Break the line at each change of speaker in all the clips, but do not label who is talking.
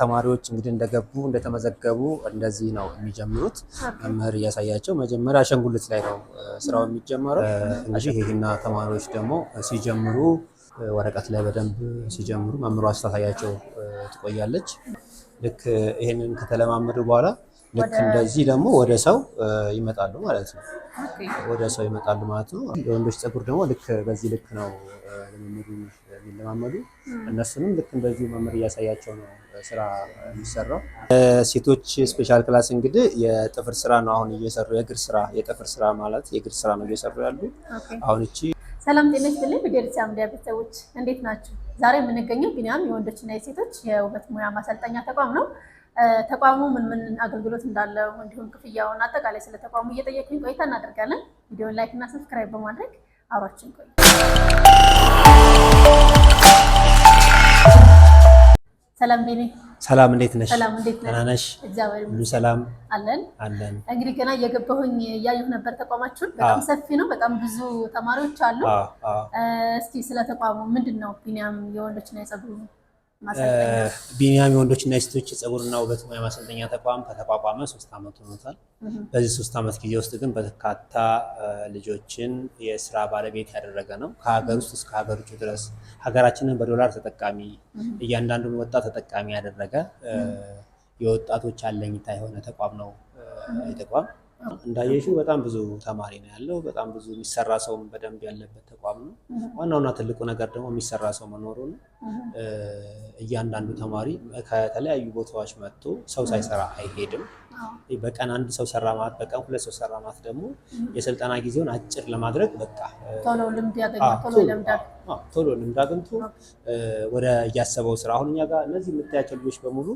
ተማሪዎች እንግዲህ እንደገቡ እንደተመዘገቡ እንደዚህ ነው የሚጀምሩት። መምህር እያሳያቸው መጀመሪያ አሸንጉልት ላይ ነው ስራው የሚጀመረው። እንግዲህ ይህና ተማሪዎች ደግሞ ሲጀምሩ ወረቀት ላይ በደንብ ሲጀምሩ መምህሯ ስታሳያቸው ትቆያለች። ልክ ይህንን ከተለማመዱ በኋላ ልክ እንደዚህ ደግሞ ወደ ሰው ይመጣሉ ማለት ነው። ወደ ሰው ይመጣሉ ማለት ነው። የወንዶች ፀጉር ደግሞ ልክ በዚህ ልክ ነው ልምምዱ የሚለማመዱ። እነሱንም ልክ እንደዚሁ መምህር እያሳያቸው ነው ስራ የሚሰራው። ሴቶች ስፔሻል ክላስ እንግዲህ የጥፍር ስራ ነው አሁን እየሰሩ የእግር ስራ የጥፍር ስራ ማለት የእግር ስራ ነው እየሰሩ ያሉ አሁን እቺ
ሰላም ጤና ይስጥልኝ። በደርሲ አምዳ ቤተሰቦች እንዴት ናችሁ? ዛሬ የምንገኘው ቢኒያም የወንዶችና የሴቶች የውበት ሙያ ማሰልጠኛ ተቋም ነው። ተቋሙ ምን ምን አገልግሎት እንዳለው እንዲሁም ክፍያውን አጠቃላይ ስለ ተቋሙ እየጠየቅን ቆይታ እናደርጋለን። ቪዲዮን ላይክ እና ሰብስክራይብ በማድረግ አብራችን ቆዩ። ሰላም ቤኔ፣
ሰላም እንዴት ነሽ?
ሰላም እንዴት ነሽ? ደህና
ነሽ? እግዚአብሔር ይመስገን። ሰላም
አለን አለን። እንግዲህ ገና እየገባሁኝ እያየሁ ነበር ተቋማችሁን። በጣም ሰፊ ነው፣ በጣም ብዙ ተማሪዎች አሉ። እስቲ ስለ ተቋሙ ምንድን ነው ቢኒያም የወንዶችና የጸጉሩ
ቢኒያም የወንዶችና የሴቶች የፀጉርና ውበት ሙያ ማሰልጠኛ ተቋም ከተቋቋመ ሶስት ዓመት ሆኖታል። በዚህ ሶስት ዓመት ጊዜ ውስጥ ግን በርካታ ልጆችን የስራ ባለቤት ያደረገ ነው። ከሀገር ውስጥ እስከ ሀገር ውጭ ድረስ ሀገራችንን በዶላር ተጠቃሚ እያንዳንዱን ወጣት ተጠቃሚ ያደረገ የወጣቶች አለኝታ የሆነ ተቋም ነው ተቋም እንዳየሽው በጣም ብዙ ተማሪ ነው ያለው። በጣም ብዙ የሚሰራ ሰውም በደንብ ያለበት ተቋም ነው። ዋናውና ትልቁ ነገር ደግሞ የሚሰራ ሰው መኖሩ ነው። እያንዳንዱ ተማሪ ከተለያዩ ቦታዎች መጥቶ ሰው ሳይሰራ አይሄድም። በቀን አንድ ሰው ሰራ ማለት በቀን ሁለት ሰው ሰራ ማለት ደግሞ የስልጠና ጊዜውን አጭር ለማድረግ በቃ ቶሎ ልምድ አግኝቶ ወደ እያሰበው ስራ አሁን እኛ ጋር እነዚህ የምታያቸው ልጆች በሙሉ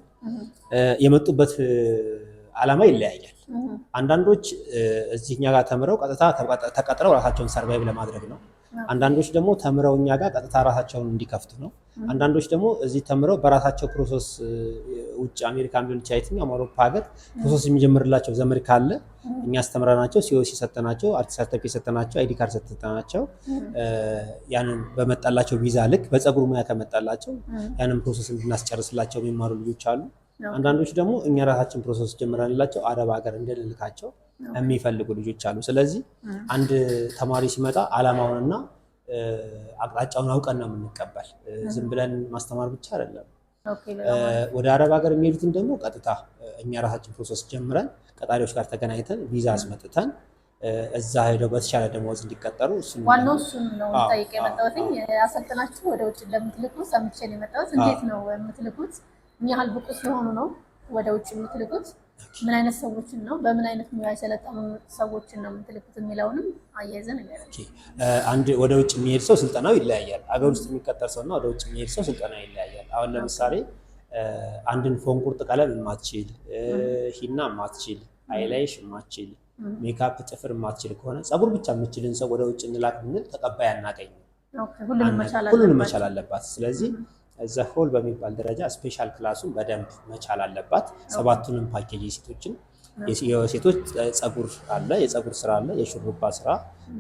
የመጡበት ዓላማ ይለያያል። አንዳንዶች እዚህ እኛ ጋር ተምረው ቀጥታ ተቀጥረው ራሳቸውን ሰርቫይቭ ለማድረግ ነው። አንዳንዶች ደግሞ ተምረው እኛ ጋር ቀጥታ ራሳቸውን እንዲከፍቱ ነው። አንዳንዶች ደግሞ እዚህ ተምረው በራሳቸው ፕሮሰስ ውጭ አሜሪካ ሊሆን ቻ የትኛውም አውሮፓ ሀገር ፕሮሰስ የሚጀምርላቸው ዘመድ ካለ እኛ አስተምረናቸው ሲኦሲ ሰጠናቸው፣ አርት ሰርተፊኬት ሰጠናቸው፣ አይዲ ካርድ ሰጠናቸው። ያንን በመጣላቸው ቪዛ ልክ በፀጉር ሙያ ከመጣላቸው ያንን ፕሮሰስ እንድናስጨርስላቸው የሚማሩ ልጆች አሉ። አንዳንዶች ደግሞ እኛ ራሳችን ፕሮሰስ ጀምረን አረብ ሀገር እንደልልካቸው የሚፈልጉ ልጆች አሉ። ስለዚህ አንድ ተማሪ ሲመጣ አላማውንና አቅጣጫውን አውቀን ነው የምንቀበል። ዝም ብለን ማስተማር ብቻ አይደለም። ወደ አረብ ሀገር የሚሄዱትን ደግሞ ቀጥታ እኛ ራሳችን ፕሮሰስ ጀምረን ቀጣሪዎች ጋር ተገናኝተን ቪዛ አስመጥተን እዛ ሄደው በተሻለ ደመወዝ እንዲቀጠሩ
ዋናው እሱን ነው። ጠይቅ የመጣሁት አሰልጥናችሁ ወደ ውጭ እንደምትልኩ ሰምቼ ነው የመጣሁት። እንዴት ነው የምትልኩት? ምን ያህል ብቁ ሲሆኑ ነው ወደ ውጭ የምትልኩት? ምን አይነት ሰዎችን ነው በምን አይነት ሙያ የሰለጠኑ ሰዎችን ነው የምትልኩት የሚለውንም አያይዘን
አንድ ወደ ውጭ የሚሄድ ሰው ስልጠናው ይለያያል። አገር ውስጥ የሚቀጠር ሰውና ወደ ውጭ የሚሄድ ሰው ስልጠናው ይለያያል። አሁን ለምሳሌ አንድን ፎን ቁርጥ ቀለም የማትችል ሂና የማትችል አይላይሽ የማትችል ሜካፕ ጥፍር የማትችል ከሆነ ጸጉር ብቻ የምችልን ሰው ወደ ውጭ እንላክ ብንል ተቀባይ አናገኝም።
ሁሉንም
መቻል አለባት። ስለዚህ ዘፎል በሚባል ደረጃ ስፔሻል ክላሱን በደንብ መቻል አለባት። ሰባቱንም ፓኬጅ ሴቶችን የሴቶች ጸጉር አለ፣ የጸጉር ስራ አለ፣ የሹሩባ ስራ፣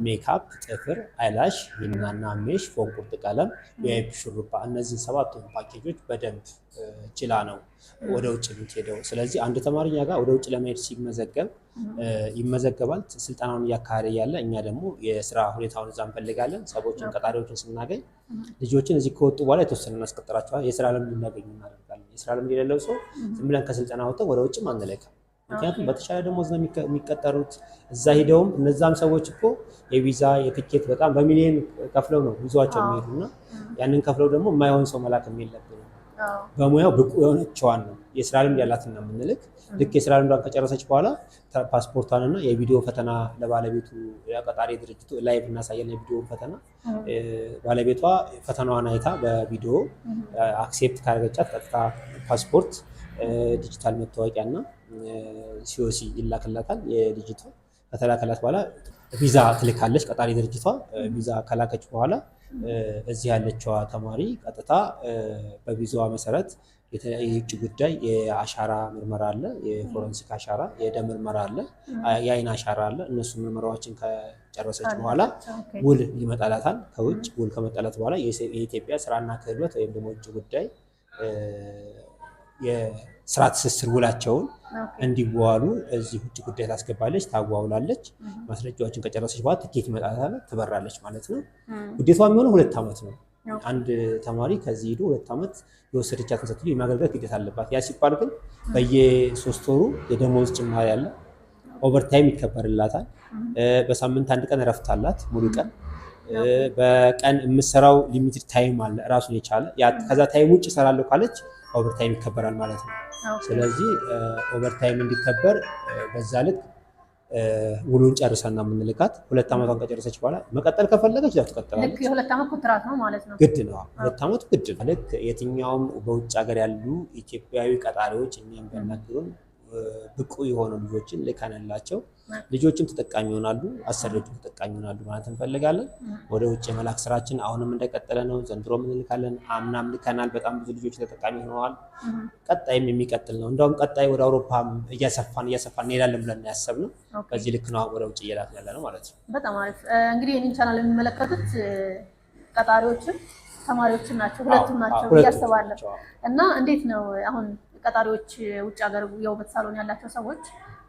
ሜካፕ፣ ጥፍር፣ አይላሽ፣ ሂናና ሜሽ፣ ፎንቁርጥ ቀለም፣ የአይፕ ሹሩባ፣ እነዚህ ሰባቱን ፓኬጆች በደንብ ችላ ነው ወደ ውጭ የምትሄደው። ስለዚህ አንድ ተማሪ እኛ ጋር ወደ ውጭ ለመሄድ ሲመዘገብ ይመዘገባል። ስልጠናውን እያካሄደ ያለ እኛ ደግሞ የስራ ሁኔታውን እዛ እንፈልጋለን። ሰዎችን ቀጣሪዎችን ስናገኝ ልጆችን እዚህ ከወጡ በኋላ የተወሰነ እናስቀጥራቸዋል። የስራ ልምድ እንዲያገኙ እናደርጋለን። የስራ ልምድ የሌለው ሰው ዝም ብለን ከስልጠና ወጥተን ወደ ውጭም አንለካም። ምክንያቱም በተሻለ ደሞዝ ነው የሚቀጠሩት። እዛ ሂደውም እነዛም ሰዎች እኮ የቪዛ የትኬት በጣም በሚሊዮን ከፍለው ነው ይዟቸው የሚሄዱ እና ያንን ከፍለው ደግሞ የማይሆን ሰው መላክ የለብንም። በሙያው ብቁ የሆነችዋን ነው የስራ ልምድ ነው የምንልክ። ልክ የስራ ልምዷን ከጨረሰች በኋላ ፓስፖርቷን እና የቪዲዮ ፈተና ለባለቤቱ ቀጣሪ ድርጅቱ ላይቭ እናሳያለን። የቪዲዮ ፈተና ባለቤቷ ፈተናዋን አይታ በቪዲዮ አክሴፕት ካረገቻት ቀጥታ ፓስፖርት፣ ዲጂታል መታወቂያ እና ሲኦሲ ይላክላታል። የድርጅቷ ከተላከላት በኋላ ቪዛ ትልካለች። ቀጣሪ ድርጅቷ ቪዛ ከላከች በኋላ እዚህ ያለችዋ ተማሪ ቀጥታ በቪዛዋ መሰረት የውጭ ጉዳይ የአሻራ ምርመራ አለ፣ የፎረንሲክ አሻራ፣ የደም ምርመራ አለ፣ የአይን አሻራ አለ። እነሱ ምርመራዎችን ከጨረሰች በኋላ ውል ይመጣላታል። ከውጭ ውል ከመጣላት በኋላ የኢትዮጵያ ስራና ክህሎት ወይም ደግሞ ውጭ ጉዳይ ስራ ትስስር ውላቸውን እንዲዋዋሉ እዚህ ውጭ ጉዳይ ታስገባለች፣ ታዋውላለች። ማስረጃዎችን ከጨረሰች በኋላ ትኬት ይመጣታል፣ ትበራለች ማለት ነው። ግዴታዋ የሚሆነው ሁለት ዓመት ነው። አንድ ተማሪ ከዚህ ሄዶ ሁለት ዓመት የወሰደቻትን ሰትሎ የማገልገል ግዴታ አለባት። ያ ሲባል ግን በየሶስት ወሩ የደሞዝ ጭማሪ አለ፣ ኦቨርታይም ይከበርላታል። በሳምንት አንድ ቀን እረፍት አላት ሙሉ ቀን በቀን የምሰራው ሊሚትድ ታይም አለ ራሱን የቻለ ከዛ ታይም ውጭ እሰራለሁ ካለች ኦቨርታይም ይከበራል ማለት ነው። ስለዚህ ኦቨርታይም እንዲከበር በዛ ልክ ውሉን ጨርሰና የምንልካት ሁለት ዓመቷን ከጨረሰች በኋላ መቀጠል ከፈለገች ዛ
ትቀጥላለች። የሁለት ዓመት ኮንትራት ነው ማለት
ነው። ግድ ነው፣ ሁለት ዓመት ግድ ነው። ልክ የትኛውም በውጭ ሀገር ያሉ ኢትዮጵያዊ ቀጣሪዎች እኛም ቢያናግሩን ብቁ የሆኑ ልጆችን ልከንላቸው ልጆችም ተጠቃሚ ይሆናሉ፣ አሰሪዎችም ተጠቃሚ ይሆናሉ ማለት እንፈልጋለን። ወደ ውጭ የመላክ ስራችን አሁንም እንደቀጠለ ነው። ዘንድሮም እንልካለን፣ አምናም ልከናል። በጣም ብዙ ልጆች ተጠቃሚ ሆነዋል። ቀጣይም የሚቀጥል ነው። እንደውም ቀጣይ ወደ አውሮፓ እያሰፋን እያሰፋን እንሄዳለን ብለን ያሰብነው በዚህ ልክ ነው። ወደ ውጭ እየላክን ያለ ነው ማለት
ነው። በጣም አሪፍ እንግዲህ ይህንን ቻናል የሚመለከቱት ቀጣሪዎችም ተማሪዎችም ናቸው፣ ሁለቱም ናቸው እያስባለሁ እና እንዴት ነው አሁን ቀጣሪዎች ውጭ ሀገር የውበት ሳሎን ያላቸው ሰዎች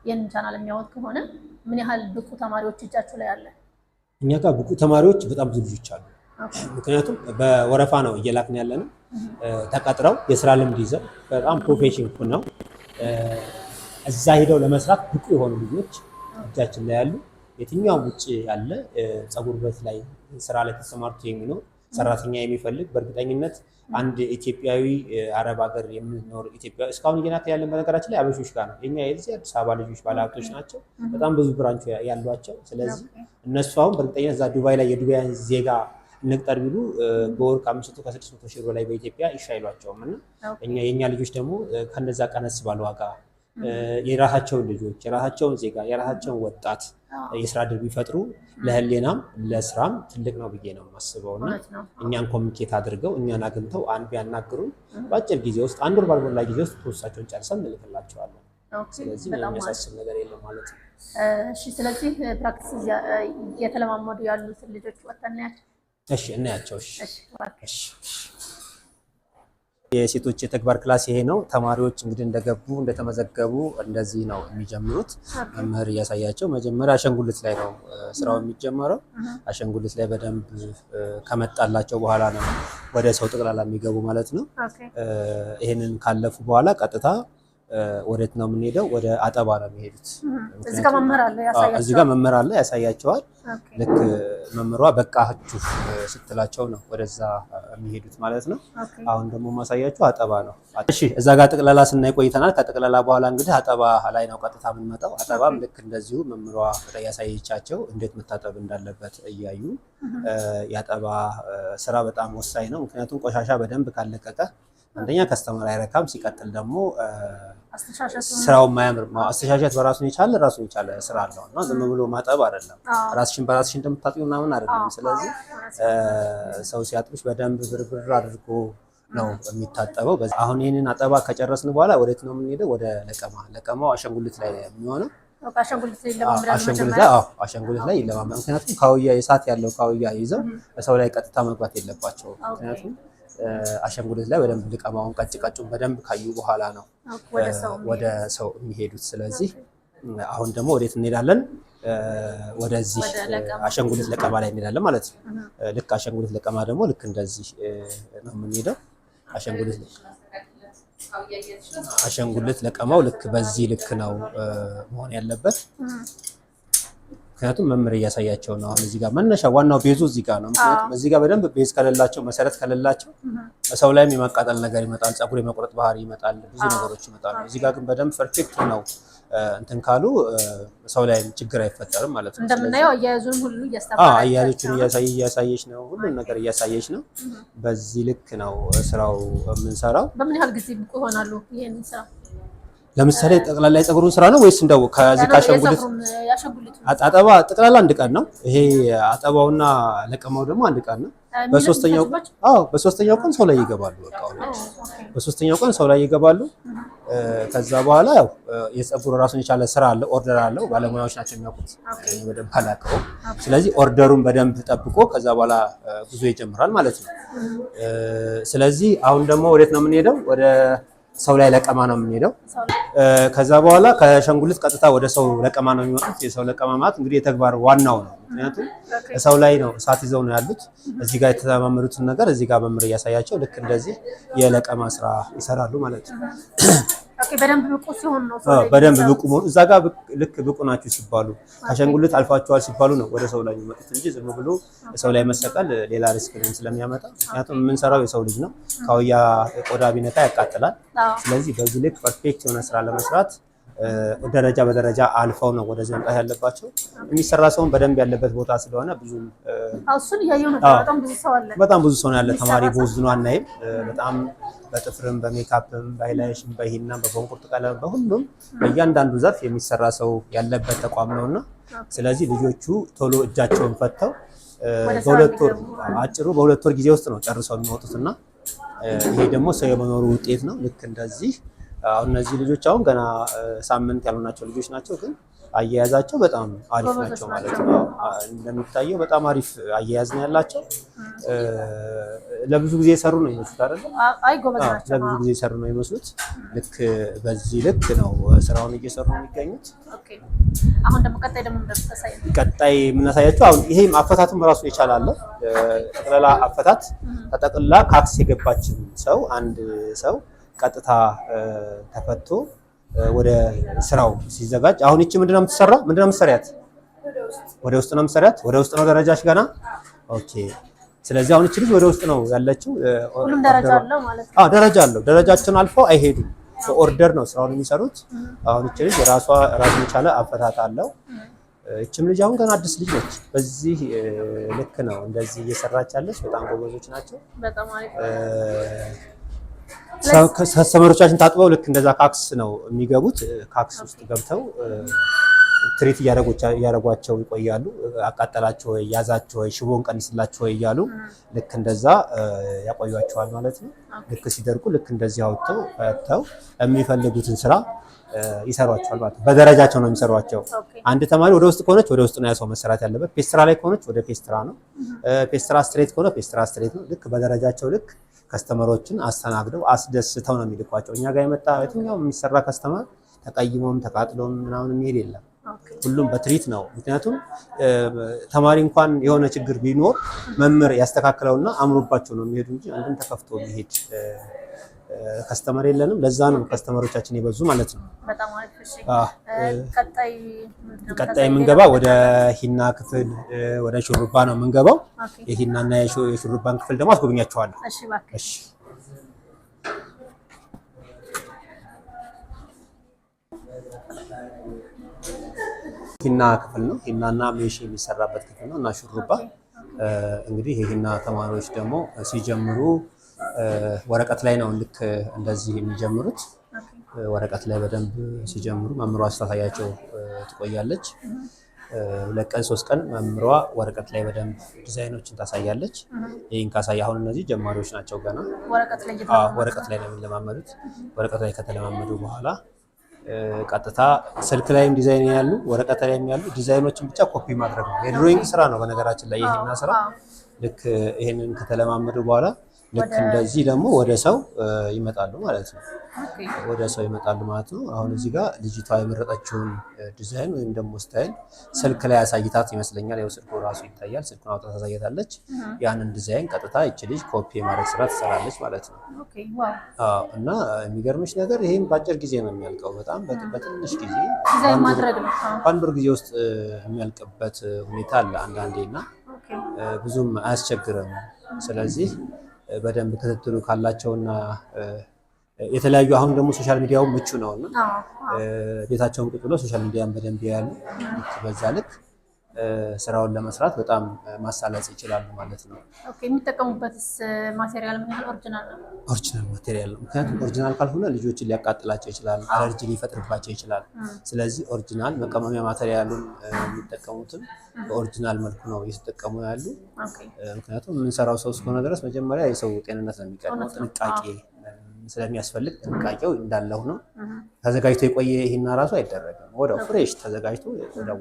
ይህንን ቻናል የሚያወጥ ከሆነ ምን ያህል ብቁ ተማሪዎች እጃችሁ ላይ አለ?
እኛ ጋር ብቁ ተማሪዎች በጣም ብዙ ልጆች አሉ። ምክንያቱም በወረፋ ነው እየላክን ያለ ነው። ተቀጥረው የስራ ልምድ ይዘው በጣም ፕሮፌሽን ነው እዛ ሄደው ለመስራት ብቁ የሆኑ ልጆች እጃችን ላይ ያሉ። የትኛውም ውጭ ያለ ፀጉር ቤት ላይ ስራ ላይ ተሰማርቶ የሚኖር ሰራተኛ የሚፈልግ በእርግጠኝነት አንድ ኢትዮጵያዊ አረብ ሀገር የምንኖር ኢትዮጵያ እስካሁን እየናት ያለን በነገራችን ላይ አበሾች ጋር ነው። የኛ የዚህ አዲስ አበባ ልጆች ባለሀብቶች ናቸው፣ በጣም ብዙ ብራንቹ ያሏቸው። ስለዚህ እነሱ አሁን በእርግጠኝነት እዛ ዱባይ ላይ የዱባያን ዜጋ እንቅጠር ቢሉ በወር ከአምስት መቶ ከስድስት መቶ ሺህ ብር በኢትዮጵያ ይሻይሏቸውም እና የእኛ ልጆች ደግሞ ከነዛ ቀነስ ባለ ዋጋ የራሳቸውን ልጆች፣ የራሳቸውን ዜጋ፣ የራሳቸውን ወጣት የስራ ድል ቢፈጥሩ ለህሌናም ለስራም ትልቅ ነው ብዬ ነው የማስበው እና እኛን ኮሚኒኬት አድርገው እኛን አግኝተው አንድ ቢያናግሩን በአጭር ጊዜ ውስጥ አንድ ወር ባልሞላ ጊዜ ውስጥ ፕሮሰሳቸውን ጨርሰን እንልክላቸዋለን። ስለዚህ
የሚያሳስብ ነገር የለም ማለት ነው። እሺ፣ ስለዚህ ፕራክቲስ እየተለማመዱ ያሉትን ልጆች ወጥተን እናያቸው።
እሺ፣ እናያቸው። እሺ፣ እሺ የሴቶች የተግባር ክላስ ይሄ ነው። ተማሪዎች እንግዲህ እንደገቡ እንደተመዘገቡ እንደዚህ ነው የሚጀምሩት። መምህር እያሳያቸው መጀመሪያ አሸንጉልት ላይ ነው ስራው የሚጀመረው። አሸንጉልት ላይ በደንብ ከመጣላቸው በኋላ ነው ወደ ሰው ጠቅላላ የሚገቡ ማለት ነው። ይህንን ካለፉ በኋላ ቀጥታ ወደት ነው የምንሄደው? ወደ አጠባ ነው የሚሄዱት። እዚህ ጋር መምህር አለ ያሳያቸዋል። ልክ መምህሯ በቃችሁ ስትላቸው ነው ወደዛ የሚሄዱት ማለት ነው። አሁን ደግሞ ማሳያችሁ አጠባ ነው። እሺ፣ እዛ ጋር ጥቅለላ ስናይ ቆይተናል። ከጥቅለላ በኋላ እንግዲህ አጠባ ላይ ነው ቀጥታ የምንመጣው። አጠባም ልክ እንደዚሁ መምህሯ ያሳየቻቸው እንዴት መታጠብ እንዳለበት እያዩ የአጠባ ስራ በጣም ወሳኝ ነው። ምክንያቱም ቆሻሻ በደንብ ካለቀቀ አንደኛ ከስተመር አይረካም፣ ሲቀጥል ደግሞ ስራውም ማያምር አስተሻሸት በራሱን የቻለ ራሱን የቻለ ስራ አለው እና ዝም ብሎ ማጠብ አይደለም። ራስሽን በራስሽ እንደምታጥቢው ምናምን አይደለም። ስለዚህ ሰው ሲያጥብሽ በደንብ ብርብር አድርጎ ነው የሚታጠበው። አሁን ይህንን አጠባ ከጨረስን በኋላ ወዴት ነው የምንሄደው? ወደ ለቀማ። ለቀማው አሸንጉልት ላይ የሚሆነው አሸንጉልት ላይ ይለማመድ። ምክንያቱም ካውያ የእሳት ያለው ካውያ ይዘው ሰው ላይ ቀጥታ መግባት የለባቸው ምክንያቱም አሻንጉሊት ላይ በደንብ ልቀማውን ቀጭ ቀጩን በደንብ ካዩ በኋላ ነው ወደ ሰው የሚሄዱት። ስለዚህ አሁን ደግሞ ወዴት እንሄዳለን? ወደዚህ አሻንጉሊት ለቀማ ላይ እንሄዳለን ማለት ነው። ልክ አሻንጉሊት ለቀማ ደግሞ ልክ እንደዚህ ነው የምንሄደው። አሻንጉሊት ለቀማው ልክ በዚህ ልክ ነው መሆን ያለበት። ምክንያቱም መምህር እያሳያቸው ነው። አሁን እዚህ ጋር መነሻ ዋናው ቤዙ እዚህ ጋር ነው። ምክንያቱም እዚህ ጋር በደንብ ቤዝ ከሌላቸው መሰረት ከሌላቸው ሰው ላይም የማቃጠል ነገር ይመጣል፣ ፀጉር የመቁረጥ ባህሪ ይመጣል፣ ብዙ ነገሮች ይመጣሉ። እዚህ ጋር ግን በደንብ ፐርፌክት ነው እንትን ካሉ ሰው ላይም ችግር አይፈጠርም ማለት
ነው። እንደምናየው አያያዙን ሁሉ
አያያዞችን እያሳየች ነው፣ ሁሉን ነገር እያሳየች ነው። በዚህ ልክ ነው ስራው የምንሰራው።
በምን ያህል ጊዜ ብቁ ይሆናሉ ይህን ስራ
ለምሳሌ ጠቅላላ የፀጉሩን ስራ ነው ወይስ እንደው ከዚህ ካሸጉልት አጠባ ጠቅላላ አንድ ቀን ነው። ይሄ አጠባውና ለቀማው ደግሞ አንድ ቀን ነው። በሶስተኛው አዎ፣ በሶስተኛው ቀን ሰው ላይ ይገባሉ። በቃ በሶስተኛው ቀን ሰው ላይ ይገባሉ። ከዛ በኋላ ያው የፀጉር ራሱን የቻለ ስራ አለ፣ ኦርደር አለው። ባለሙያዎች ናቸው የሚያውቁት በደንብ አላውቀውም። ስለዚህ ኦርደሩን በደንብ ጠብቆ ከዛ በኋላ ጉዞ ይጀምራል ማለት ነው። ስለዚህ አሁን ደግሞ ወዴት ነው የምንሄደው? ወደ ሰው ላይ ለቀማ ነው የምንሄደው። ከዛ በኋላ ከአሻንጉሊት ቀጥታ ወደ ሰው ለቀማ ነው የሚመጡት። የሰው ለቀማ ማለት እንግዲህ የተግባር ዋናው ነው። ምክንያቱም ሰው ላይ ነው እሳት ይዘው ነው ያሉት። እዚህ ጋር የተለማመዱትን ነገር እዚህ ጋር መምህር እያሳያቸው ልክ እንደዚህ የለቀማ ስራ ይሰራሉ ማለት ነው።
በደንብ ብቁ ሲሆን
ነው። በደንብ ብቁ እዛ ጋር ልክ ብቁ ናችሁ ሲባሉ አሻንጉሊት አልፋችኋል ሲባሉ ነው ወደ ሰው ላይ የሚመጡት እንጂ ዝም ብሎ ሰው ላይ መሰቀል ሌላ ሪስክ ስለሚያመጣ፣ ምክንያቱም የምንሰራው የሰው ልጅ ነው። ካውያ ቆዳ ቢነካ ያቃጥላል። ስለዚህ በዚህ ልክ ፐርፌክት የሆነ ስራ ለመስራት ደረጃ በደረጃ አልፈው ነው ወደዚህ መምጣት ያለባቸው። የሚሰራ ሰውን በደንብ ያለበት ቦታ ስለሆነ ብዙ በጣም ብዙ ሰው አለ። በጣም ብዙ ሰው ያለ ተማሪ ቦዝኖ አናይም። በጣም በጥፍርም በሜካፕም በሃይላይሽን በሂና በፎንቁርት ቀለም በሁሉም በእያንዳንዱ ዘርፍ የሚሰራ ሰው ያለበት ተቋም ነው እና ስለዚህ ልጆቹ ቶሎ እጃቸውን ፈተው በሁለት ወር አጭሩ በሁለት ወር ጊዜ ውስጥ ነው ጨርሰው የሚወጡት እና ይሄ ደግሞ ሰው የመኖሩ ውጤት ነው። ልክ እንደዚህ አሁን እነዚህ ልጆች አሁን ገና ሳምንት ያልሆናቸው ልጆች ናቸው ግን አያያዛቸው በጣም አሪፍ ናቸው ማለት ነው። እንደሚታየው በጣም አሪፍ አያያዝ ነው ያላቸው። ለብዙ ጊዜ የሰሩ ነው ይመስሉት አይደለ? ለብዙ ጊዜ የሰሩ ነው ይመስሉት። ልክ በዚህ ልክ ነው ስራውን እየሰሩ ነው የሚገኙት።
አሁን ደግሞ ቀጣይ ደግሞ
ቀጣይ የምናሳያቸው አሁን ይሄም አፈታትም ራሱ የቻላለ ጠቅላላ አፈታት ተጠቅላ ካክስ የገባችን ሰው አንድ ሰው ቀጥታ ተፈቶ ወደ ስራው ሲዘጋጅ አሁን እቺ ምንድነው የምትሰራ? ምንድነው የምትሰሪያት? ወደ ውስጥ ነው የምትሰሪያት። ወደ ውስጥ ነው ደረጃሽ ገና። ኦኬ። ስለዚህ አሁን እቺ ልጅ ወደ ውስጥ ነው ያለችው።
ሁሉም ደረጃ አለው
ማለት ነው። አዎ ደረጃ አለው። ደረጃቸውን አልፈው አይሄዱም። በኦርደር ነው ስራውን የሚሰሩት። አሁን እቺ ልጅ ራሷ ራሱን የቻለ አፈታት አለው። ይችም ልጅ አሁን ገና አዲስ ልጅ ነች። በዚህ ልክ ነው እንደዚህ እየሰራች ያለች። በጣም ጎበዞች ናቸው። ከስተመሮቻችን ታጥበው ልክ እንደዛ ካክስ ነው የሚገቡት። ካክስ ውስጥ ገብተው ትሪት እያደረጓቸው ይቆያሉ። አቃጠላቸው ወይ፣ ያዛቸው ወይ፣ ሽቦን ቀንስላቸው ወይ እያሉ hmm. ልክ እንደዛ ያቆያቸዋል ማለት ነው። ልክ ሲደርቁ ልክ እንደዚህ አውጥተው ፈተው የሚፈልጉትን ስራ ይሰሯቸዋል ማለት ነው። በደረጃቸው ነው የሚሰሯቸው። አንድ ተማሪ ወደ ውስጥ ከሆነች ወደ ውስጥ ነው ያሰው መሰራት ያለበት። ፔስትራ ላይ ከሆነች ወደ ፔስትራ ነው። ፔስትራ ስትሬት ከሆነ ፔስትራ ስትሬት ነው። ልክ በደረጃቸው ልክ ከስተመሮችን አስተናግደው አስደስተው ነው የሚልኳቸው። እኛ ጋር የመጣ የትኛውም የሚሰራ ከስተመር ተቀይሞም ተቃጥሎም ምናምን የሚሄድ የለም። ሁሉም በትሪት ነው። ምክንያቱም ተማሪ እንኳን የሆነ ችግር ቢኖር መምህር ያስተካክለውና አምሮባቸው ነው የሚሄዱ እንጂ አንድም ተከፍቶ የሚሄድ ከስተመር የለንም። ለዛ ነው ከስተመሮቻችን የበዙ ማለት ነው። ቀጣይ የምንገባ ወደ ሂና ክፍል ወደ ሹሩባ ነው የምንገባው። የሂናና የሹሩባን ክፍል ደግሞ አስጎብኛቸዋለሁ። ሂና ክፍል ነው። ሂናና ሜሽ የሚሰራበት ክፍል ነው እና ሹሩባ እንግዲህ የሂና ተማሪዎች ደግሞ ሲጀምሩ ወረቀት ላይ ነው ልክ እንደዚህ የሚጀምሩት። ወረቀት ላይ በደንብ ሲጀምሩ መምሯ ስታሳያቸው ትቆያለች። ሁለት ቀን ሶስት ቀን መምሯ ወረቀት ላይ በደንብ ዲዛይኖችን ታሳያለች። ይህን ካሳይ አሁን እነዚህ ጀማሪዎች ናቸው ገና ወረቀት ላይ ነው የሚለማመዱት። ወረቀት ላይ ከተለማመዱ በኋላ ቀጥታ ስልክ ላይም ዲዛይን ያሉ ወረቀት ላይም ያሉ ዲዛይኖችን ብቻ ኮፒ ማድረግ ነው። የድሮይንግ ስራ ነው በነገራችን ላይ ይህና ስራ ልክ ይህንን ከተለማመዱ በኋላ ልክ እንደዚህ ደግሞ ወደ ሰው ይመጣሉ ማለት ነው። ወደ ሰው ይመጣሉ ማለት ነው። አሁን እዚህ ጋር ልጅቷ የመረጠችውን ዲዛይን ወይም ደግሞ ስታይል ስልክ ላይ ያሳይታት ይመስለኛል። ያው ስልኩ ራሱ ይታያል። ስልኩን አውጣ ታሳየታለች። ያንን ዲዛይን ቀጥታ ይቺ ልጅ ኮፒ የማድረግ ስራ ትሰራለች ማለት ነው። እና የሚገርምሽ ነገር ይህም በአጭር ጊዜ ነው የሚያልቀው። በጣም በትንሽ ጊዜ በአንድ ወር ጊዜ ውስጥ የሚያልቅበት ሁኔታ አለ አንዳንዴ እና ብዙም አያስቸግርም። ስለዚህ በደንብ ክትትሉ ካላቸውና የተለያዩ አሁን ደግሞ ሶሻል ሚዲያው ምቹ ነውና ቤታቸውን ቁጭ ብሎ ሶሻል ሚዲያን በደንብ ያሉ በዛ ልክ ስራውን ለመስራት በጣም ማሳለጽ ይችላሉ ማለት ነው።
የሚጠቀሙበት ማቴሪያል ምን ያህል ኦሪጂናል
ነው? ኦሪጂናል ማቴሪያል ነው። ምክንያቱም ኦሪጂናል ካልሆነ ልጆችን ሊያቃጥላቸው ይችላል፣ አለርጂ ሊፈጥርባቸው ይችላል። ስለዚህ ኦሪጂናል መቀመሚያ ማቴሪያሉን የሚጠቀሙትም በኦሪጂናል መልኩ ነው እየተጠቀሙ ያሉ። ምክንያቱም የምንሰራው ሰው እስከሆነ ድረስ መጀመሪያ የሰው ጤንነት ነው የሚቀድመው። ጥንቃቄ ስለሚያስፈልግ ጥንቃቄው እንዳለው ነው። ተዘጋጅቶ የቆየ ይህና ራሱ አይደረግም። ወደው ፍሬሽ ተዘጋጅቶ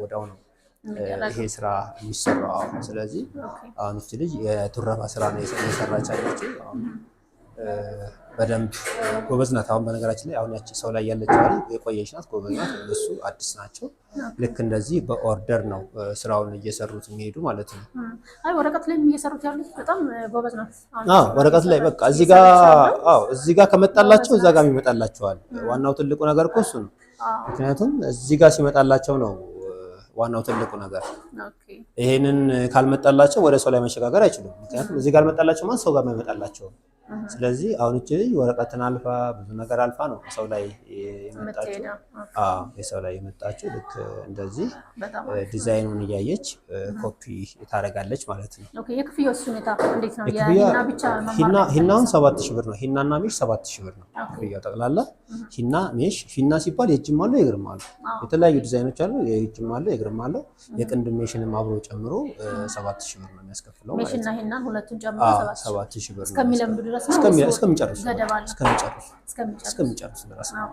ወዳው ነው ይሄ ስራ የሚሰራው ስለዚህ አሁን እች ልጅ የቱረፋ ስራ ነው የሰራች ያለችው። በደንብ ጎበዝ ናት። አሁን በነገራችን ላይ አሁን ያቺ ሰው ላይ ያለች ሪ የቆየች ናት፣ ጎበዝ ናት። እነሱ አዲስ ናቸው። ልክ እንደዚህ በኦርደር ነው ስራውን እየሰሩት የሚሄዱ ማለት ነው።
አይ ወረቀት ላይ እየሰሩት ያሉት በጣም
ጎበዝ ናት። አዎ ወረቀት ላይ በቃ እዚህ ጋር አዎ፣ እዚህ ጋር ከመጣላቸው እዛ ጋር ይመጣላቸዋል። ዋናው ትልቁ ነገር እኮ እሱ ነው። ምክንያቱም እዚህ ጋር ሲመጣላቸው ነው ዋናው ትልቁ ነገር። ይሄንን ካልመጣላቸው ወደ ሰው ላይ መሸጋገር አይችሉም። ምክንያቱም እዚህ ጋር መጣላቸው ሰው ጋር አይመጣላቸውም። ስለዚህ አሁን እቺ ልጅ ወረቀትን አልፋ ብዙ ነገር አልፋ ነው ሰው ላይ የመጣችው። የሰው ላይ የመጣችው ልክ እንደዚህ ዲዛይኑን እያየች ኮፒ ታደርጋለች ማለት ነው። ሂናውን ሰባት ሺህ ብር ነው። ሂናና ሜሽ ሰባት ሺህ ብር ነው ክፍያው ጠቅላላ። ሂና ሜሽ፣ ሂና ሲባል የእጅም አለው የእግርም አለው። የተለያዩ ዲዛይኖች አሉ። የእጅም አለው የእግርም አለው። የቅንድ ሜሽንም አብሮ ጨምሮ ሰባት ሺህ ብር ነው
የሚያስከፍለው ማለት ነው።
እስከሚጨርሱ ድረስ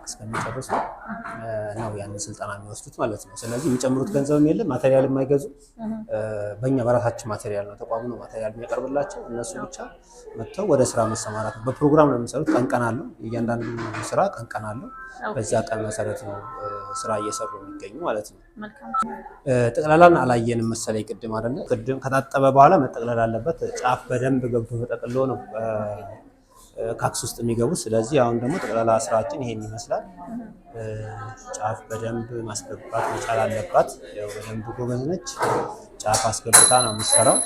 እስከሚጨርሱ ነው ያንን ስልጠና የሚወስዱት ማለት ነው። ስለዚህ የሚጨምሩት ገንዘብም የለም፣ ማቴሪያል የማይገዙ በእኛ በራሳችን ማቴሪያል ነው ተቋሙ ነው ማቴሪያል የሚያቀርብላቸው። እነሱ ብቻ መጥተው ወደ ስራ መሰማራት ነው። በፕሮግራም ነው የሚሰሩት። ቀንቀን አለው እያንዳንዱ ስራ ቀንቀን አለው። በዛ ቀን መሰረት ነው ስራ እየሰሩ የሚገኙ ማለት ነው። ጥቅለላን አላየንም መሰለኝ ቅድም አይደለ? ቅድም ከታጠበ በኋላ መጠቅለል አለበት። ጫፍ በደንብ ገብቶ ተጠቅሎ ነው ካክስ ውስጥ የሚገቡት። ስለዚህ አሁን ደግሞ ጥቅለላ ስራችን ይሄን ይመስላል። ጫፍ በደንብ ማስገባት መቻል አለባት። በደንብ ጎበዝ ነች። ጫፍ አስገብታ ነው የምትሰራው።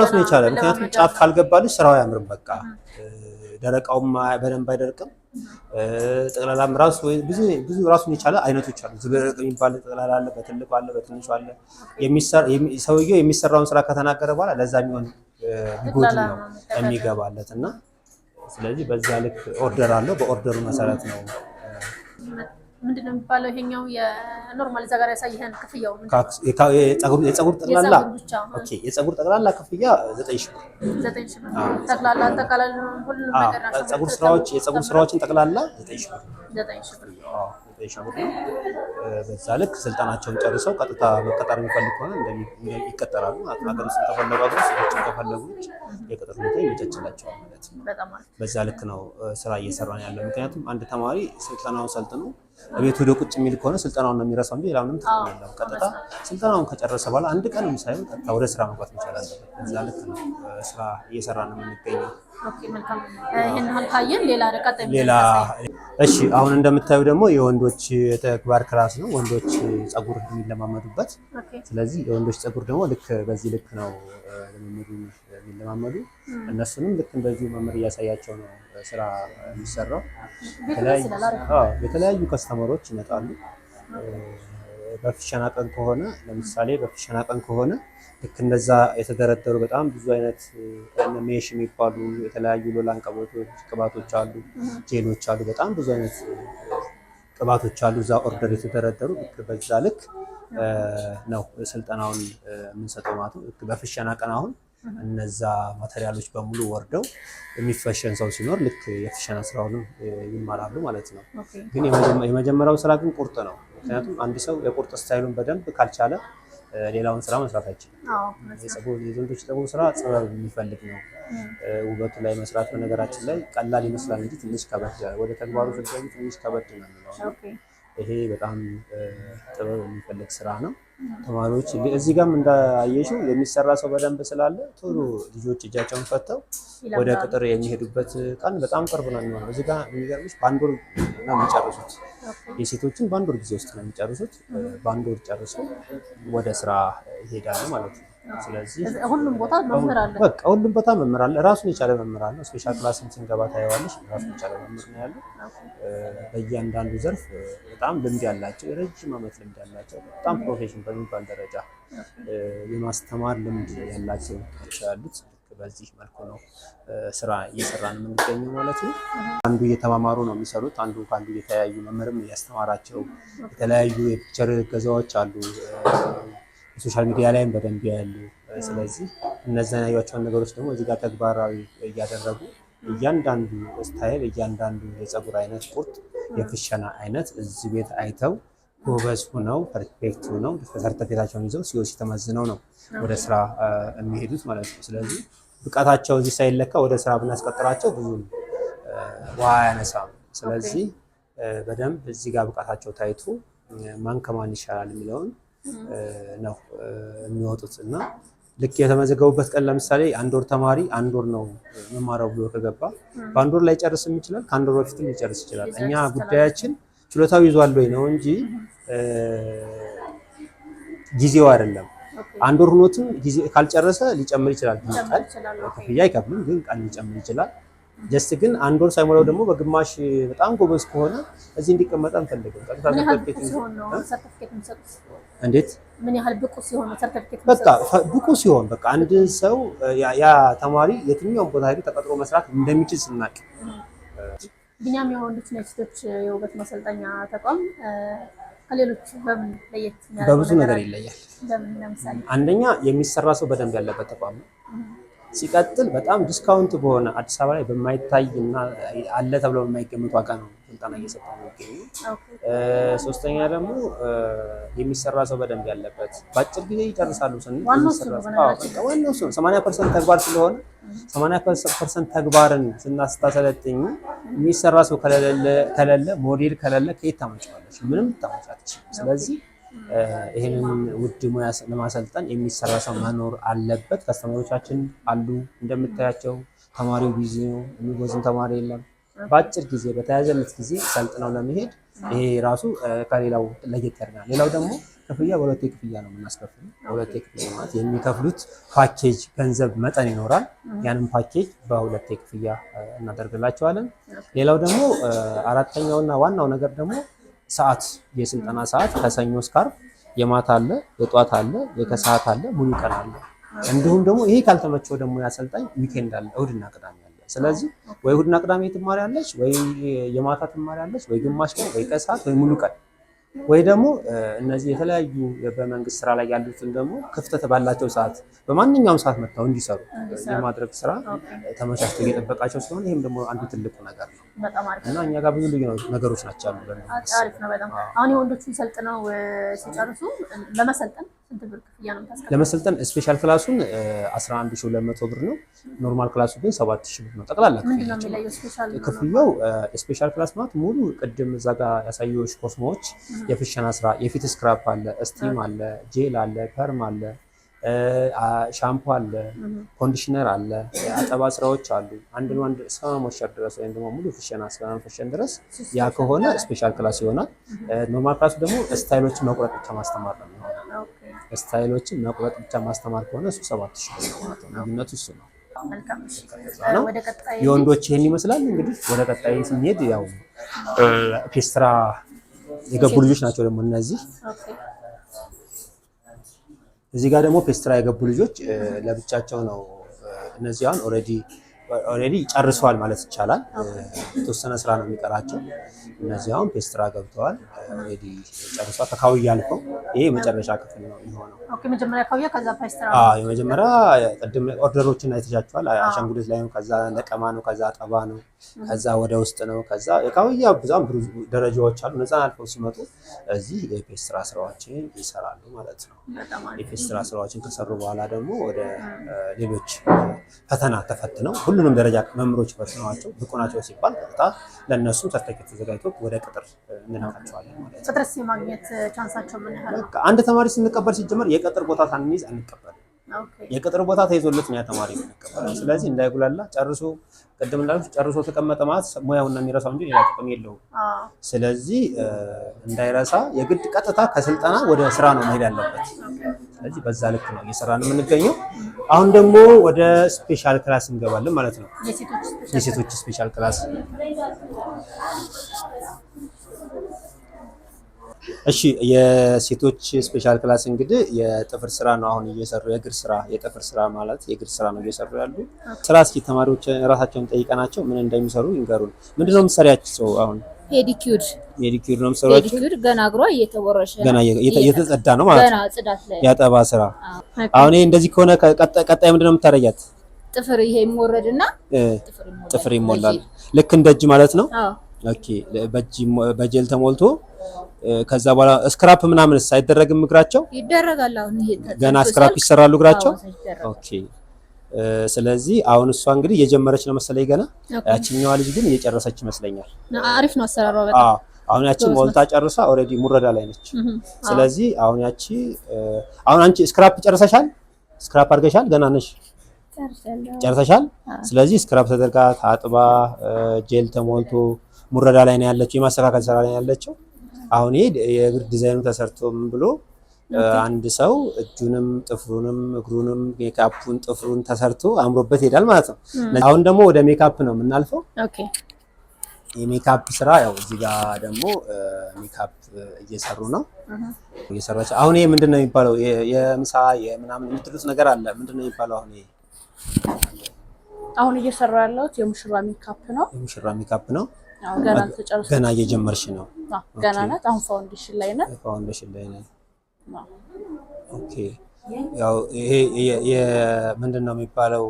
ራሱን የቻለ ምክንያቱም ጫፍ ካልገባልሽ ስራው ያምርም በቃ ደረቃውም በደንብ አይደርቅም። ጠቅላላም ራሱ ብዙ ብዙ ራሱን የቻለ አይነቶች አሉ። ዝብርቅ የሚባል ጠቅላላ አለ፣ በትልቁ አለ፣ በትንሹ አለ። ሰውየው የሚሰራውን ስራ ከተናገረ በኋላ ለዛ የሚሆን ቢጎድ ነው የሚገባለት እና ስለዚህ በዛ ልክ ኦርደር አለው። በኦርደሩ መሰረት ነው
ምንድነው የሚባለው? ይሄኛው የኖርማል እዛ ጋር ያሳየህን ክፍያው
የጸጉር ጠቅላላ የጸጉር ጠቅላላ ክፍያ ዘጠኝ ሺህ ጸጉር ስራዎች የጸጉር ስራዎችን ጠቅላላ ዘጠኝ ሺህ ብር ነው። በዛ ልክ ስልጠናቸውን ጨርሰው ቀጥታ መቀጠር የሚፈልግ ከሆነ ይቀጠራሉ። ሀገር ውስጥ ከፈለጉ ሀገር ውስጥ ከፈለጉ የቅጥር ሁኔታ ይመቻችላቸዋል ማለት ነው። በዛ ልክ ነው ስራ እየሰራን ያለው። ምክንያቱም አንድ ተማሪ ስልጠናውን ሰልጥኖ ቤት ወደ ቁጭ የሚል ከሆነ ስልጠናውን ነው የሚረሳው እንጂ ሌላ ምንም ጥቅም የለም። ቀጥታ ስልጠናውን ከጨረሰ በኋላ አንድ ቀንም ሳይሆን ቀጥታ ወደ ስራ መግባት መቻል አለበት። በዛ ልክ ነው ስራ እየሰራ ነው የምንገኘው። ሌላ እሺ፣ አሁን እንደምታዩ ደግሞ የወንዶች የተግባር ክላስ ነው፣ ወንዶች ፀጉር የሚለማመዱበት። ስለዚህ የወንዶች ፀጉር ደግሞ ልክ በዚህ ልክ ነው ልምምዱ የሚለማመዱ። እነሱንም ልክ እንደዚሁ መምህር እያሳያቸው ነው ስራ የሚሰራው። የተለያዩ ከስተመሮች ይመጣሉ። በፍሸና ቀን ከሆነ ለምሳሌ በፍሸና ቀን ከሆነ ልክ እንደዛ የተደረደሩ በጣም ብዙ አይነት ሜሽ የሚባሉ የተለያዩ ሎላን ቅባቶች አሉ፣ ጄሎች አሉ፣ በጣም ብዙ አይነት ቅባቶች አሉ እዛ ኦርደር የተደረደሩ ልክ በዛ ልክ ነው ስልጠናውን የምንሰጠው ማለት ነው። በፍሸና ቀን አሁን እነዛ ማቴሪያሎች በሙሉ ወርደው የሚፈሸን ሰው ሲኖር ልክ የፍሸና ስራውንም ይማራሉ ማለት ነው። ግን የመጀመሪያው ስራ ግን ቁርጥ ነው። ምክንያቱም አንድ ሰው የቁርጥ ስታይሉን በደንብ ካልቻለ ሌላውን ስራ መስራት አይችልም። የዘንዶች ፀጉር ስራ ጥበብ የሚፈልግ ነው። ውበቱ ላይ መስራት በነገራችን ላይ ቀላል ይመስላል እንጂ ትንሽ ከበድ ወደ ተግባሩ ስገቢ ትንሽ ከበድ ነው። ይሄ በጣም ጥበብ የሚፈልግ ስራ ነው። ተማሪዎች እዚህ ጋም እንዳየሽው የሚሰራ ሰው በደንብ ስላለ ቶሎ ልጆች እጃቸውን ፈተው ወደ ቅጥር የሚሄዱበት ቀን በጣም ቅርብ ነው የሚሆነው። እዚህ ጋር የሚገርምሽ በአንድ ወር ነው የሚጨርሱት። የሴቶችን በአንድ ወር ጊዜ ውስጥ ነው የሚጨርሱት። በአንድ ወር ወደ ስራ ይሄዳሉ ማለት ነው።
ሁሉም ቦታ መምህር
አለ። በቃ ሁሉም ቦታ መምህር አለ። ራሱን የቻለ መምህር አለ። ስፔሻል ክላስም ስንገባ ታየዋለች። ራሱን የቻለ መምህር ነው ያለ። በእያንዳንዱ ዘርፍ በጣም ልምድ ያላቸው የረጅም ዓመት ልምድ ያላቸው በጣም ፕሮፌሽን በሚባል ደረጃ የማስተማር ልምድ ያላቸው ያሉት በዚህ መልኩ ነው ስራ እየሰራን የምንገኘው ማለት ነው። አንዱ እየተማማሩ ነው የሚሰሩት፣ አንዱ ከአንዱ የተለያዩ መምህርም እያስተማራቸው የተለያዩ የፒክቸር ገዛዎች አሉ ሶሻል ሚዲያ ላይም በደንብ ያሉ። ስለዚህ እነዚያን ያዩቸውን ነገሮች ደግሞ እዚህ ጋር ተግባራዊ እያደረጉ እያንዳንዱ ስታይል፣ እያንዳንዱ የፀጉር አይነት ቁርጥ፣ የፍሸና አይነት እዚህ ቤት አይተው ጎበዝ ሆነው ፐርፌክት ሆነው ሰርተፌታቸውን ይዘው ሲወሲ ሲተመዝነው ነው ወደ ስራ የሚሄዱት ማለት ነው። ስለዚህ ብቃታቸው እዚህ ሳይለካ ወደ ስራ ብናስቀጥራቸው ብዙ ውሃ አያነሳም። ስለዚህ በደንብ እዚህ ጋር ብቃታቸው ታይቶ ማን ከማን ይሻላል የሚለውን ነው የሚወጡት እና ልክ የተመዘገቡበት ቀን ለምሳሌ አንድ ወር ተማሪ አንድ ወር ነው መማሪያው ብሎ ከገባ በአንድ ወር ላይ ጨርስም ይችላል፣ ከአንድ ወር በፊትም ሊጨርስ ይችላል። እኛ ጉዳያችን ችሎታው ይዟል ወይ ነው እንጂ ጊዜው አይደለም። አንድ ወር ሆኖትም ካልጨረሰ ሊጨምር ይችላል። ቀን ክፍያ አይከፍልም፣ ግን ቀን ሊጨምር ይችላል። ጀስት ግን አንድ ወር ሳይሞላው ደግሞ በግማሽ በጣም ጎበዝ ከሆነ እዚህ እንዲቀመጥ አንፈልግም። እንዴት ምን ያህል ብቁ ሲሆን በቃ ብቁ ሲሆን በቃ አንድ ሰው ያ ተማሪ የትኛውን ቦታ ሄዶ ተቀጥሮ መስራት እንደሚችል ስናቅ ብኛም የወንዶችና የሴቶች የውበት ማሰልጠኛ ተቋም ከሌሎች በምን ለየት በብዙ ነገር ይለያል። አንደኛ የሚሰራ ሰው በደንብ ያለበት ተቋም ነው። ሲቀጥል በጣም ዲስካውንት በሆነ አዲስ አበባ ላይ በማይታይ እና አለ ተብሎ በማይገመት ዋጋ ነው ስልጠና እየሰጠ ነው የሚገኙ። ሶስተኛ ደግሞ የሚሰራ ሰው በደንብ ያለበት በአጭር ጊዜ ይጨርሳሉ ስንል ዋናው ሰማንያ ፐርሰንት ተግባር ስለሆነ ሰማንያ ፐርሰንት ተግባርን ስናስታሰለጥኝ የሚሰራ ሰው ከሌለ ሞዴል ከሌለ ከየት ታመጫዋለች? ምንም ታመጫለች። ስለዚህ ይህንን ውድ ሙያ ለማሰልጠን የሚሰራ ሰው መኖር አለበት። ከስተመሮቻችን አሉ እንደምታያቸው። ተማሪው ቢዚ ነው፣ የሚጎዝም ተማሪ የለም። በአጭር ጊዜ በተያዘለት ጊዜ ሰልጥነው ለመሄድ ይሄ ራሱ ከሌላው ለየት ያደርጋል። ሌላው ደግሞ ክፍያ በሁለቴ ክፍያ ነው የምናስከፍሉ። በሁለቴ ክፍያ ማለት የሚከፍሉት ፓኬጅ ገንዘብ መጠን ይኖራል። ያንም ፓኬጅ በሁለቴ ክፍያ እናደርግላቸዋለን። ሌላው ደግሞ አራተኛውና ዋናው ነገር ደግሞ ሰዓት የስልጠና ሰዓት ከሰኞ እስከ ዓርብ የማታ አለ፣ የጧት አለ፣ የከሰዓት አለ፣ ሙሉ ቀን አለ። እንዲሁም ደግሞ ይሄ ካልተመቸው ደግሞ ያሰልጣኝ ዊኬንድ አለ፣ እሁድና ቅዳሜ አለ። ስለዚህ ወይ እሁድና ቅዳሜ ትማሪያለች፣ ወይ የማታ ትማሪያለች፣ ወይ ግማሽ ቀን፣ ወይ ከሰዓት፣ ወይ ሙሉ ቀን ወይ ደግሞ እነዚህ የተለያዩ በመንግስት ስራ ላይ ያሉትን ደግሞ ክፍተት ባላቸው ሰዓት በማንኛውም ሰዓት መጥተው እንዲሰሩ የማድረግ ስራ ተመቻችቶ እየጠበቃቸው ስለሆነ ይህም ደግሞ አንዱ ትልቁ ነገር ነው እና እኛ ጋር ብዙ ልዩ ነገሮች ናቸው ያሉ። አሪፍ ነው በጣም አሁን የወንዶቹን ሰልጥነው ሲጨርሱ ለመሰልጠን ለመሰልጠን ስፔሻል ክላሱን 11200 ብር ነው። ኖርማል ክላሱ ግን 7000 ብር ነው። ጠቅላላ ክፍያው ስፔሻል ክላስ ማለት ሙሉ ቅድም እዛ ጋር ያሳየሁሽ ኮስሞዎች፣ የፍሸና ስራ፣ የፊት ስክራፕ አለ፣ ስቲም አለ፣ ጄል አለ፣ ፐርም አለ፣ ሻምፖ አለ፣ ኮንዲሽነር አለ፣ አጠባ ስራዎች አሉ። አንድ ወንድ እስከ መሞሸር ድረስ ወይም ደግሞ ሙሉ ፍሸና እስከ መፈሸን ድረስ ያ ከሆነ ስፔሻል ክላስ ይሆናል። ኖርማል ክላሱ ደግሞ ስታይሎችን መቁረጥ ከማስተማር ነው። ስታይሎችን መቁረጥ ብቻ ማስተማር ከሆነ እሱ ሰባት ሺ ልዩነቱ እሱ ነው። የወንዶች ይህን ይመስላል። እንግዲህ ወደ ቀጣይ ስንሄድ ያው ፔስትራ የገቡ ልጆች ናቸው ደግሞ እነዚህ። እዚህ ጋር ደግሞ ፔስትራ የገቡ ልጆች ለብቻቸው ነው። እነዚህ አሁን ኦልሬዲ ጨርሰዋል ማለት ይቻላል። የተወሰነ ስራ ነው የሚቀራቸው እነዚህ አሁን ፔስትራ ገብተዋል። ኦልሬዲ ጨርሷል። ከካውያ አልፈው ይሄ የመጨረሻ ክፍል ነው የሚሆነው። የመጀመሪያ ቅድም ኦርደሮችን አይተቻቸዋል። አሻንጉሊት ላይ ከዛ ነቀማ ነው፣ ከዛ አጠባ ነው፣ ከዛ ወደ ውስጥ ነው። ከዛ የካውያ በጣም ብዙ ደረጃዎች አሉ። እነዛን አልፈው ሲመጡ እዚህ የፔስትራ ስራዎችን ይሰራሉ ማለት ነው። የፔስትራ ስራዎችን ከሰሩ በኋላ ደግሞ ወደ ሌሎች ፈተና ተፈትነው ሁሉንም ደረጃ መምሮች ፈትነዋቸው ብቁ ናቸው ሲባል ቀጥታ ለእነሱ ሰርተፊኬት ተዘጋጅቶ ወደ ቅጥር እንልካቸዋለን ማለት ነው። ቅጥርስ የማግኘት ቻንሳቸው ምን ያህል? አንድ ተማሪ ስንቀበል ሲጀመር የቅጥር ቦታ ሳንይዝ አንቀበልም። የቅጥር ቦታ ተይዞለት ነው ተማሪ የሚቀበለው። ስለዚህ እንዳይጉላላ ጨርሶ ቅድም እንዳልኩ ጨርሶ ተቀመጠ ማለት ሙያውን የሚረሳው እንጂ ሌላ ጥቅም የለውም። ስለዚህ እንዳይረሳ የግድ ቀጥታ ከስልጠና ወደ ስራ ነው መሄድ ያለበት። ስለዚህ በዛ ልክ ነው እየሰራን የምንገኘው። አሁን ደግሞ ወደ ስፔሻል ክላስ እንገባለን ማለት ነው። የሴቶች ስፔሻል ክላስ እሺ የሴቶች ስፔሻል ክላስ እንግዲህ የጥፍር ስራ ነው አሁን እየሰሩ የእግር ስራ የጥፍር ስራ ማለት የእግር ስራ ነው እየሰሩ ያሉ ስራ። እስኪ ተማሪዎች ራሳቸውን ጠይቀናቸው ምን እንደሚሰሩ ይንገሩን። ነው የምትሰሪያቸው አሁን? ፔዲኪዩር ፔዲኪዩር ነው የምትሰሪያቸው? ፔዲኪዩር ገና እግሯ እየተቦረሸ ገና እየተጸዳ ነው ማለት ነው፣ ጽዳት ላይ ያጠባ ስራ። አሁን ይሄ እንደዚህ ከሆነ ቀጣይ ምንድነው የምታረጊያት? ጥፍር ይሄ ይሞረድና ጥፍር ይሞላል። ልክ እንደ እጅ ማለት ነው። ኦኬ በጀል ተሞልቶ ከዛ በኋላ ስክራፕ ምናምን ሳይደረግም እግራቸው ይደረጋል። አሁን ገና ስክራፕ ይሰራሉ እግራቸው። ኦኬ ስለዚህ አሁን እሷ እንግዲህ እየጀመረች ነው መሰለኝ ገና። ያችኛዋ ልጅ ግን እየጨረሰች ይመስለኛል። አሪፍ ነው አሰራሯ በጣም። አሁን ያቺ ሞልታ ጨርሳ ኦልሬዲ ሙረዳ ላይ ነች። ስለዚህ አሁን ያቺ አሁን አንቺ ስክራፕ ጨርሰሻል? ስክራፕ አድርገሻል? ገና ነሽ ጨርሰሻል። ስለዚህ ስክራፕ ተደርጋ ታጥባ ጄል ተሞልቶ ሙረዳ ላይ ነው ያለችው፣ የማስተካከል ስራ ላይ ያለችው። አሁን ይሄ የእግር ዲዛይኑ ተሰርቶም ብሎ አንድ ሰው እጁንም ጥፍሩንም እግሩንም ሜካፑን ጥፍሩን ተሰርቶ አምሮበት ይሄዳል ማለት ነው። አሁን ደግሞ ወደ ሜካፕ ነው የምናልፈው። የሜካፕ ስራ ያው እዚህ ጋር ደግሞ ሜካፕ እየሰሩ ነው እየሰራቸው። አሁን ይሄ ምንድን ነው የሚባለው? የምሳ የምናምን የምትሉት ነገር አለ። ምንድን ነው የሚባለው? አሁን ይሄ አሁን እየሰራ ያለሁት የሙሽራ ሜካፕ ነው። የሙሽራ ሜካፕ ነው። ገና እየጀመርሽ ነው? ገና ናት። አሁን ፋውንዴሽን ላይ ነን። ፋውንዴሽን ላይ ነን። ኦኬ። ያው ይሄ ምንድን ነው የሚባለው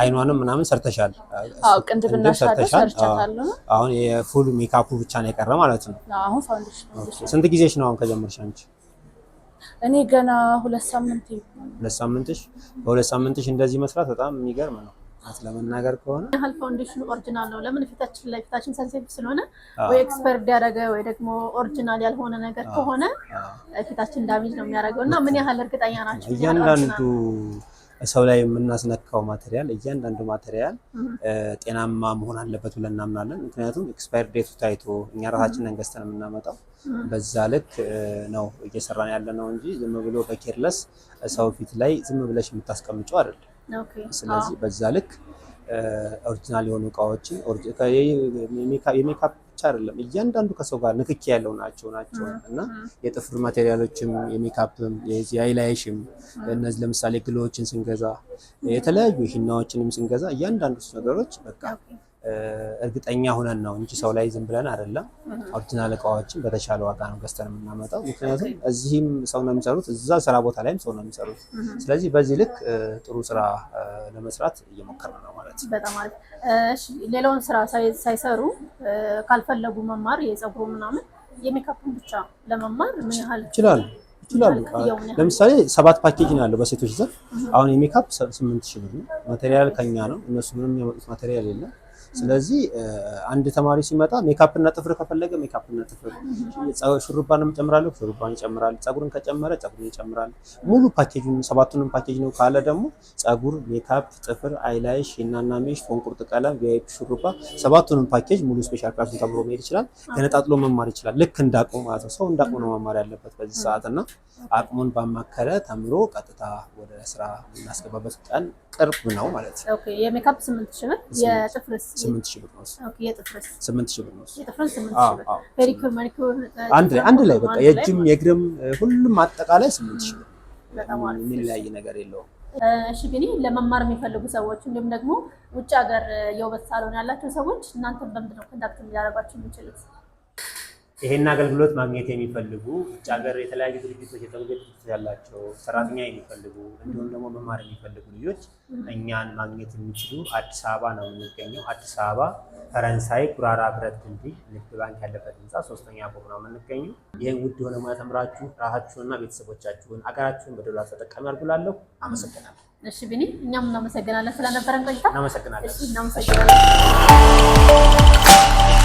አይኗንም ምናምን ሰርተሻል? ቅንድብና ሰርተሻል። አሁን የፉል ሜካፑ ብቻ ነው የቀረ ማለት ነው። አሁን ፋውንዴሽን። ስንት ጊዜሽ ነው አሁን ከጀመርሽ አንቺ? እኔ ገና ሁለት ሳምንት። ሁለት ሳምንትሽ? በሁለት ሳምንትሽ እንደዚህ መስራት በጣም የሚገርም ነው። በጥራት ለመናገር ከሆነ ያህል ፋውንዴሽኑ ኦሪጂናል ነው። ለምን ፊታችን ላይ ፊታችን ሰንሴቲቭ ስለሆነ ወይ ኤክስፐርድ ያደረገ ወይ ደግሞ ኦሪጂናል ያልሆነ ነገር ከሆነ ፊታችን ዳሜጅ ነው የሚያደርገው። እና ምን ያህል እርግጠኛ ናቸው? እያንዳንዱ ሰው ላይ የምናስነካው ማቴሪያል እያንዳንዱ ማቴሪያል ጤናማ መሆን አለበት ብለን እናምናለን። ምክንያቱም ኤክስፓየር ዴቱ ታይቶ እኛ ራሳችንን ገዝተን የምናመጣው በዛ ልክ ነው እየሰራን ያለ ነው እንጂ ዝም ብሎ በኬርለስ ሰው ፊት ላይ ዝም ብለሽ የምታስቀምጨው አይደለም። ስለዚህ በዛ ልክ ኦሪጂናል የሆኑ እቃዎችን የሜካፕ ብቻ አይደለም እያንዳንዱ ከሰው ጋር ንክኪ ያለው ናቸው ናቸው እና የጥፍር ማቴሪያሎችም የሜካፕም የአይላይሽም እነዚህ ለምሳሌ ግሎዎችን ስንገዛ የተለያዩ ሂናዎችንም ስንገዛ እያንዳንዱ ነገሮች በቃ እርግጠኛ ሆነን ነው እንጂ ሰው ላይ ዝም ብለን አይደለም። ኦሪጂናል እቃዎችን በተሻለ ዋጋ ነው ገዝተን የምናመጣው። ምክንያቱም እዚህም ሰው ነው የሚሰሩት፣ እዛ ስራ ቦታ ላይም ሰው ነው የሚሰሩት። mm-hmm. ስለዚህ በዚህ ልክ ጥሩ ስራ ለመስራት እየሞከርን ነው ማለት ነው። በጣም አሪፍ። እሺ፣ ሌላውን ስራ ሳይሰሩ ካልፈለጉ መማር የጸጉሩ ምናምን የሜካፕን ብቻ ለመማር ምን ያህል ይችላሉ? ይችላሉ ለምሳሌ ሰባት ፓኬጅ ነው ያለው በሴቶች ዘርፍ። mm-hmm. አሁን የሜካፕ ስምንት ሺህ ብር ነው። ማቴሪያል ከኛ ነው። እነሱ ምንም የሚያመጡት ማቴሪያል የለም ስለዚህ አንድ ተማሪ ሲመጣ ሜካፕና ጥፍር ከፈለገ እና ጥፍር፣ ሹሩባንም ጨምራለሁ ሹሩባን ይጨምራል። ጸጉርን ከጨመረ ፀጉርን ይጨምራል። ሙሉ ፓኬጁን ሰባቱንም ፓኬጅ ነው ካለ ደግሞ ፀጉር፣ ሜካፕ፣ ጥፍር፣ አይላይሽ፣ ሂናናሜሽ፣ ፎንቁርጥ ቀለም፣ ቪይፕ፣ ሹሩባ ሰባቱንም ፓኬጅ ሙሉ ስፔሻል ክላሱን ተምሮ መሄድ ይችላል። ገነጣጥሎ መማር ይችላል። ልክ እንዳቅሙ ማለት ነው። ሰው እንዳቅሙ ነው መማር ያለበት በዚህ ሰዓት እና አቅሙን ባማከለ ተምሮ ቀጥታ ወደ ስራ የምናስገባበት ቀን ቅርብ ነው ማለት ነው። የሜካፕ ስምንት ሺህ የጥፍርስ ስምንት ሺህ ብር ነው። ስምንት ሺህ ብር ነው። አንድ ላይ በቃ የእጅም የእግርም ሁሉም አጠቃላይ ስምንት ሺህ ብር የሚለያይ ነገር የለውም። እሺ ግን ለመማር የሚፈልጉ ሰዎች እንዲሁም ደግሞ ውጭ ሀገር የውበት ሳሎን ያላቸው ሰዎች እናንተን በምንድን ነው ኮንታክት ሊያደርጓቸው የሚችሉት? ይሄን አገልግሎት ማግኘት የሚፈልጉ ውጭ ሀገር የተለያዩ ድርጅቶች የተለያዩ ድርጅቶች ያላቸው ሰራተኛ የሚፈልጉ እንዲሁም ደግሞ መማር የሚፈልጉ ልጆች እኛን ማግኘት የሚችሉ አዲስ አበባ ነው የሚገኘው። አዲስ አበባ ፈረንሳይ ጉራራ ብረት ድልድይ ንግድ ባንክ ያለበት ህንፃ ሶስተኛ ፎቅ ነው የምንገኘው። ይህን ውድ የሆነ ሙያ ተምራችሁ ራሳችሁንና ቤተሰቦቻችሁን አገራችሁን በዶላር ተጠቃሚ አድርጉላለሁ። አመሰግናለሁ። እሺ ቢኒ፣ እኛም እናመሰግናለን ስለነበረን ቆይታ። እናመሰግናለን። እናመሰግናለን።